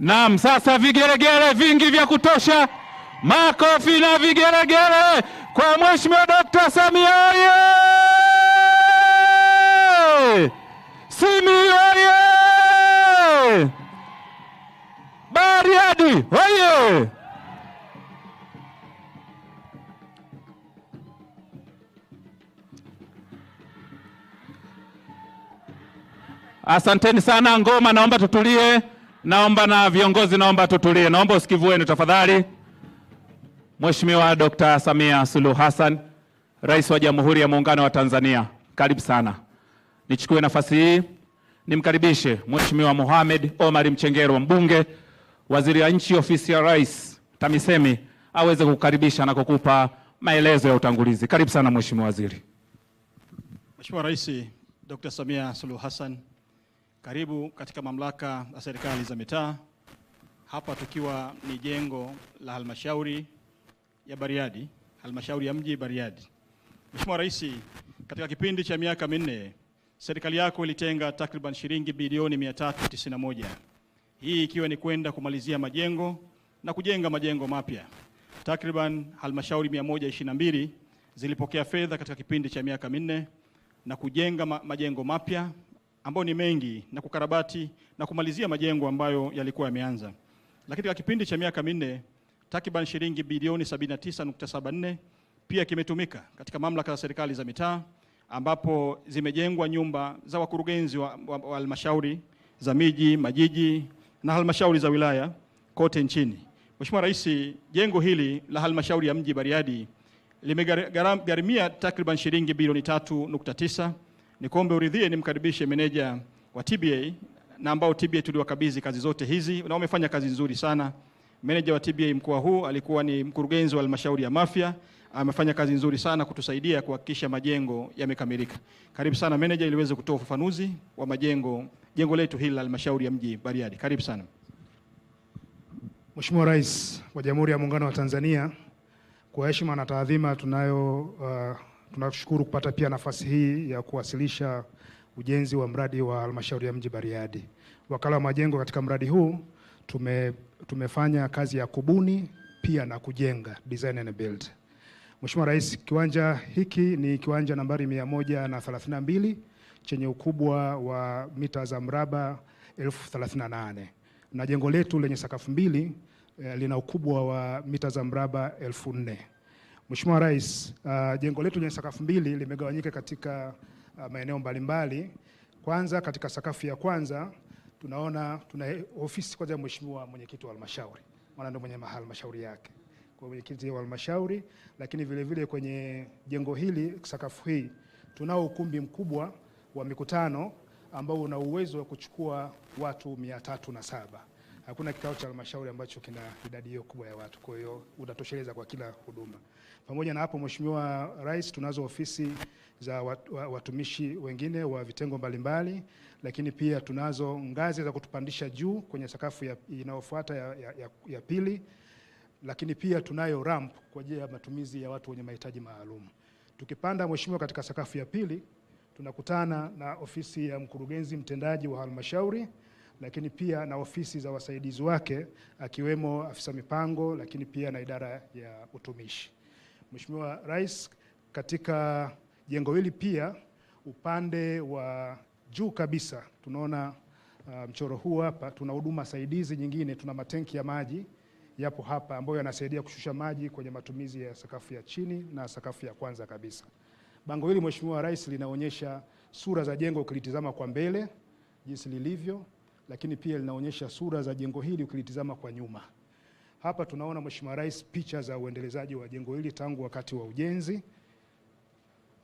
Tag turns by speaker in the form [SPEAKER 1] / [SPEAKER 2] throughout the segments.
[SPEAKER 1] Naam, sasa vigeregere vingi vya kutosha, makofi na vigeregere kwa Mheshimiwa Dkt. Samia oye! Simiyu oye! Bariadi oye! Asanteni sana Ngoma, naomba tutulie. Naomba na viongozi, naomba tutulie, naomba usikivu wenu tafadhali. Mheshimiwa Dr. Samia Suluhu Hassan, Rais wa Jamhuri ya Muungano wa Tanzania, karibu sana. Nichukue nafasi hii nimkaribishe Mheshimiwa Mohamed Omar Mchengerwa, mbunge, waziri wa nchi, ofisi ya Rais, TAMISEMI, aweze kukukaribisha na kukupa maelezo ya utangulizi. Karibu sana Mheshimiwa Waziri.
[SPEAKER 2] Mheshimiwa Rais Dr. Samia Suluhu Hassan karibu katika mamlaka ya serikali za mitaa, hapa tukiwa ni jengo la halmashauri ya Bariadi, halmashauri ya mji Bariadi. Mheshimiwa Rais, katika kipindi cha miaka minne serikali yako ilitenga takriban shilingi bilioni 391, hii ikiwa ni kwenda kumalizia majengo na kujenga majengo mapya. Takriban halmashauri 122 zilipokea fedha katika kipindi cha miaka minne na kujenga majengo mapya ambayo ni mengi na kukarabati na kumalizia majengo ambayo yalikuwa yameanza. Lakini kwa kipindi cha miaka minne takriban shilingi bilioni 79.74 pia kimetumika katika mamlaka za serikali za mitaa ambapo zimejengwa nyumba za wakurugenzi wa, wa, wa halmashauri za miji, majiji na halmashauri za wilaya kote nchini. Mheshimiwa Rais, jengo hili la halmashauri ya mji Bariadi limegharamia takriban shilingi bilioni 3.9 ni kuombe uridhie nimkaribishe meneja wa TBA na ambao TBA tuliwakabidhi kazi zote hizi na wamefanya kazi nzuri sana. Meneja wa TBA mkoa huu alikuwa ni mkurugenzi wa halmashauri ya Mafia, amefanya kazi nzuri sana kutusaidia kuhakikisha majengo yamekamilika. Karibu sana meneja, ili uweze kutoa ufafanuzi wa majengo jengo letu hili la halmashauri ya mji Bariadi. Karibu sana
[SPEAKER 3] Mheshimiwa Rais wa Jamhuri ya Muungano wa Tanzania, kwa heshima na taadhima tunayo uh, tunashukuru kupata pia nafasi hii ya kuwasilisha ujenzi wa mradi wa halmashauri ya mji Bariadi. Wakala wa majengo katika mradi huu tume, tumefanya kazi ya kubuni pia na kujenga design and build. Mheshimiwa Rais, kiwanja hiki ni kiwanja nambari 132 chenye ukubwa wa mita za mraba 1038 na jengo letu lenye sakafu mbili eh, lina ukubwa wa mita za mraba 4000. Mheshimiwa Rais, uh, jengo letu lenye sakafu mbili limegawanyika katika uh, maeneo mbalimbali. Kwanza katika sakafu ya kwanza tunaona tuna ofisi kwanza ya Mheshimiwa mwenyekiti wa halmashauri, maana ndio mwenye halmashauri yake, kwa mwenyekiti wa halmashauri. Lakini vile vile kwenye jengo hili, sakafu hii, tunao ukumbi mkubwa wa mikutano ambao una uwezo wa kuchukua watu mia tatu na saba Hakuna kikao cha halmashauri ambacho kina idadi hiyo kubwa ya watu, kwa hiyo utatosheleza kwa kila huduma. Pamoja na hapo, Mheshimiwa Rais, tunazo ofisi za watumishi wengine wa vitengo mbalimbali, lakini pia tunazo ngazi za kutupandisha juu kwenye sakafu inayofuata ya, ya, ya, ya pili, lakini pia tunayo ramp kwa ajili ya matumizi ya watu wenye mahitaji maalum. Tukipanda mheshimiwa, katika sakafu ya pili tunakutana na ofisi ya mkurugenzi mtendaji wa halmashauri lakini pia na ofisi za wasaidizi wake akiwemo afisa mipango, lakini pia na idara ya utumishi. Mheshimiwa Rais, katika jengo hili pia upande wa juu kabisa tunaona uh, mchoro huu hapa, tuna huduma saidizi nyingine. Tuna matenki ya maji yapo hapa ambayo yanasaidia kushusha maji kwenye matumizi ya sakafu ya chini na sakafu ya kwanza kabisa. Bango hili Mheshimiwa Rais linaonyesha sura za jengo ukilitizama kwa mbele jinsi lilivyo lakini pia linaonyesha sura za jengo hili ukilitizama kwa nyuma. Hapa tunaona Mheshimiwa Rais picha za uendelezaji wa jengo hili tangu wakati wa ujenzi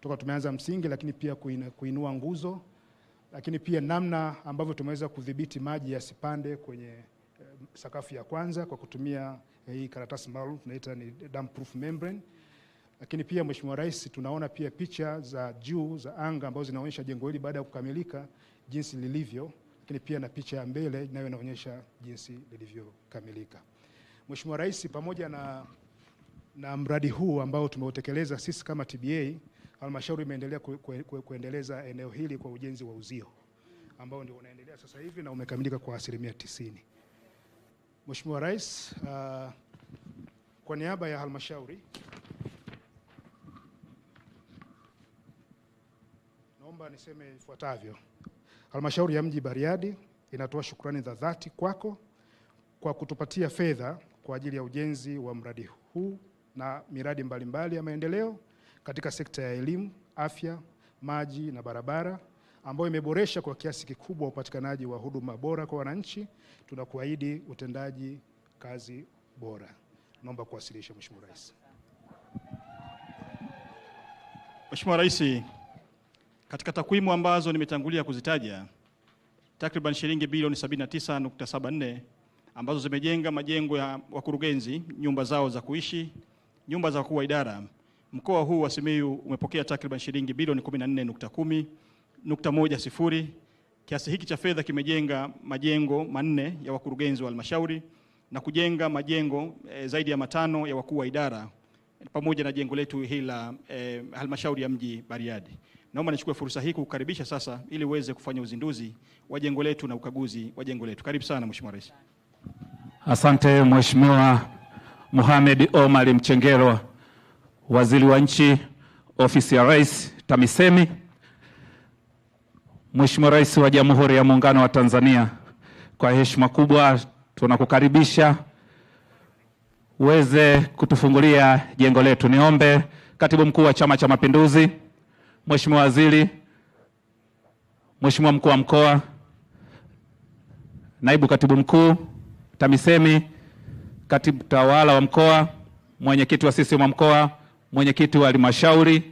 [SPEAKER 3] toka tumeanza msingi, lakini pia kuinua nguzo, lakini pia namna ambavyo tumeweza kudhibiti maji yasipande kwenye eh, sakafu ya kwanza kwa kutumia eh, hii karatasi maalum tunaita ni damp proof membrane. Lakini pia Mheshimiwa Rais, tunaona pia picha za juu za anga ambazo zinaonyesha jengo hili baada ya kukamilika jinsi lilivyo lakini pia na picha ya mbele nayo inaonyesha jinsi lilivyokamilika. Mheshimiwa Rais, pamoja na, na mradi huu ambao tumeutekeleza sisi kama TBA, halmashauri imeendelea ku, ku, ku, kuendeleza eneo hili kwa ujenzi wa uzio ambao ndio unaendelea sasa hivi na umekamilika kwa asilimia tisini. Mheshimiwa Rais, uh, kwa niaba ya halmashauri naomba niseme ifuatavyo. Halmashauri ya mji Bariadi inatoa shukrani za dhati kwako kwa kutupatia fedha kwa ajili ya ujenzi wa mradi huu na miradi mbalimbali mbali ya maendeleo katika sekta ya elimu, afya, maji na barabara ambayo imeboresha kwa kiasi kikubwa upatikanaji wa huduma bora kwa wananchi. Tunakuahidi utendaji kazi bora. Naomba kuwasilisha Mheshimiwa Rais.
[SPEAKER 2] Mheshimiwa Rais katika takwimu ambazo nimetangulia kuzitaja, takriban shilingi bilioni 79.74 ambazo zimejenga majengo ya wakurugenzi, nyumba zao za kuishi, nyumba za wakuu wa idara. Mkoa huu wa Simiyu umepokea takriban shilingi bilioni 14.10 Kiasi hiki cha fedha kimejenga majengo manne ya wakurugenzi wa halmashauri na kujenga majengo e, zaidi ya matano ya wakuu wa idara pamoja na jengo letu hili la e, halmashauri ya mji Bariadi. Naomba nichukue fursa hii kukukaribisha sasa ili uweze kufanya uzinduzi wa jengo letu na ukaguzi wa jengo letu. Karibu sana Mheshimiwa Rais.
[SPEAKER 1] Asante Mheshimiwa Mohamed Omar Mchengerwa, Waziri wa Nchi, Ofisi ya Rais, TAMISEMI. Mheshimiwa Rais wa Jamhuri ya Muungano wa Tanzania, kwa heshima kubwa tunakukaribisha uweze kutufungulia jengo letu. Niombe Katibu Mkuu wa Chama cha Mapinduzi Mheshimiwa Waziri, Mheshimiwa Mkuu wa Mkoa, Naibu Katibu Mkuu TAMISEMI, Katibu Tawala wa Mkoa, Mwenyekiti wa CCM wa Mkoa, Mwenyekiti wa Halmashauri,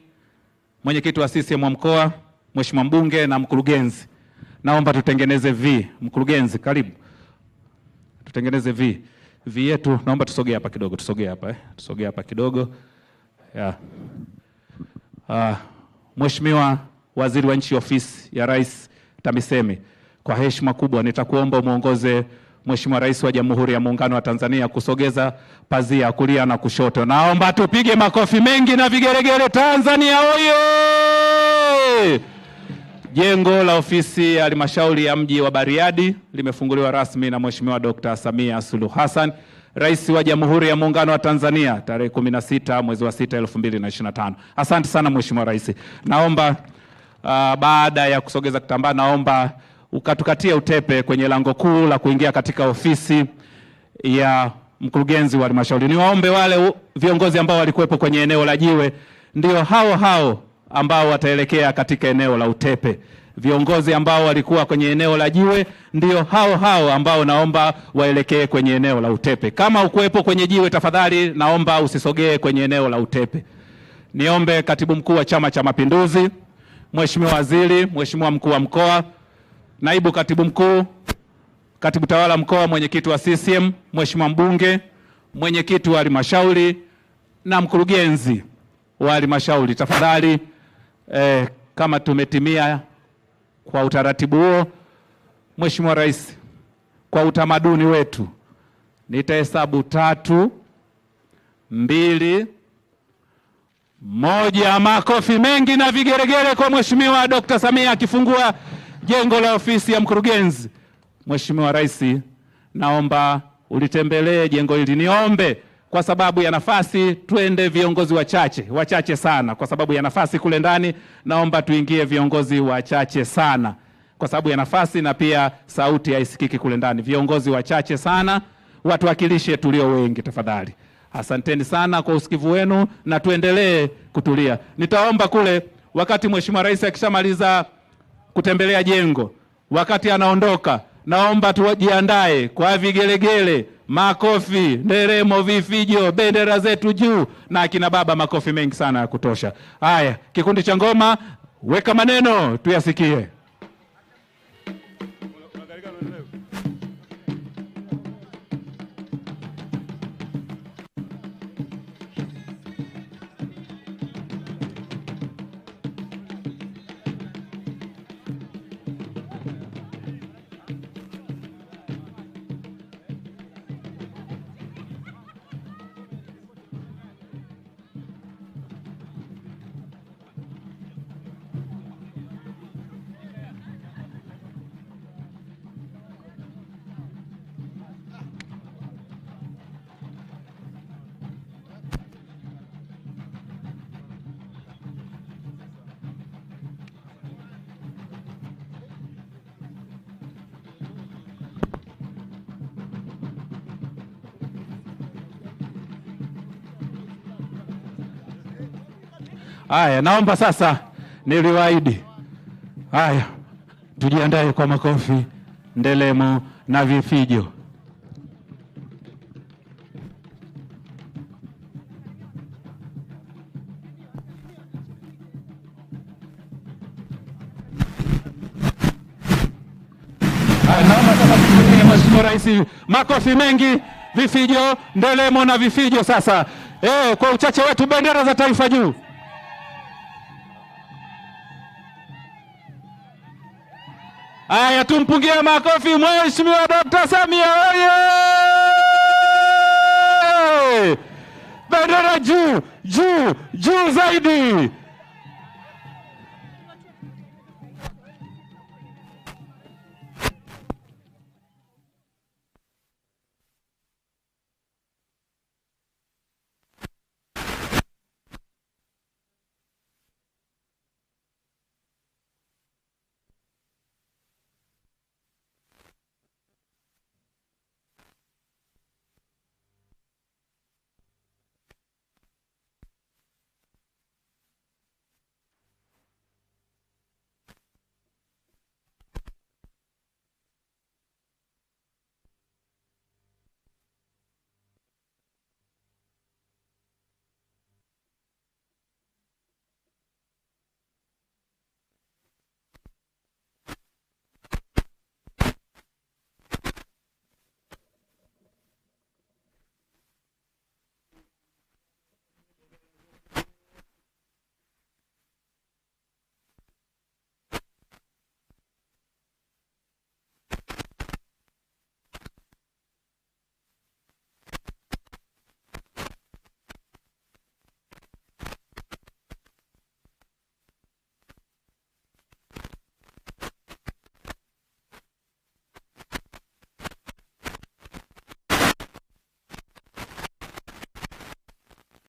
[SPEAKER 1] Mwenyekiti wa CCM wa Mkoa, Mheshimiwa Mbunge na Mkurugenzi, naomba tutengeneze vi Mkurugenzi, karibu tutengeneze V. vi yetu naomba tusogee hapa kidogo, tusogee hapa eh, tusogee hapa kidogo yeah. ah. Mheshimiwa Waziri wa Nchi, Ofisi ya Rais TAMISEMI, kwa heshima kubwa nitakuomba umwongoze Mheshimiwa Rais wa Jamhuri ya Muungano wa Tanzania kusogeza pazia kulia na kushoto. Naomba tupige makofi mengi na vigeregere. Tanzania oye! Jengo la ofisi ya halmashauri ya mji wa Bariadi limefunguliwa rasmi na Mheshimiwa Dr. Samia Suluhu Hassan. Rais wa Jamhuri ya Muungano wa Tanzania tarehe 16 mwezi wa 6 2025. Asante sana Mheshimiwa Rais. Naomba uh, baada ya kusogeza kitambaa, naomba ukatukatie utepe kwenye lango kuu la kuingia katika ofisi ya mkurugenzi wa halmashauri. Niwaombe wale viongozi ambao walikuwepo kwenye eneo la jiwe ndio hao hao ambao wataelekea katika eneo la utepe. Viongozi ambao walikuwa kwenye eneo la jiwe ndio hao hao ambao naomba waelekee kwenye eneo la utepe. Kama ukuwepo kwenye jiwe, tafadhali naomba usisogee kwenye eneo la utepe. Niombe katibu mkuu wa Chama cha Mapinduzi, Mheshimiwa Waziri, Mheshimiwa mkuu wa mkoa, naibu katibu mkuu, katibu tawala mkoa, mwenyekiti wa CCM, Mheshimiwa mbunge, mwenyekiti wa halmashauri na mkurugenzi wa halmashauri, tafadhali eh, kama tumetimia kwa utaratibu huo, Mheshimiwa Rais, kwa utamaduni wetu nitahesabu tatu, mbili, moja. Makofi mengi na vigeregere kwa Mheshimiwa Dkt. Samia akifungua jengo la ofisi ya mkurugenzi. Mheshimiwa Rais, naomba ulitembelee jengo hili, niombe kwa sababu ya nafasi twende viongozi wachache wachache sana. Kwa sababu ya nafasi kule ndani, naomba tuingie viongozi wachache sana, kwa sababu ya nafasi na pia sauti haisikiki kule ndani. Viongozi wachache sana watuwakilishe tulio wengi, tafadhali. Asanteni sana kwa usikivu wenu na tuendelee kutulia. Nitaomba kule, wakati mheshimiwa rais akishamaliza kutembelea jengo, wakati anaondoka, naomba tujiandae kwa vigelegele makofi, nderemo, vifijo, bendera zetu juu, na akina baba makofi mengi sana ya kutosha. Haya, kikundi cha ngoma, weka maneno tuyasikie. Haya, naomba sasa niliwaahidi. Haya, tujiandae kwa makofi, ndelemo na vifijo. Rais, makofi mengi, vifijo, ndelemo na vifijo. Sasa eh, kwa uchache wetu, bendera za taifa juu. Haya, tumpungie makofi Mheshimiwa Dkt. Samia oye! Bendera juu juu juu zaidi!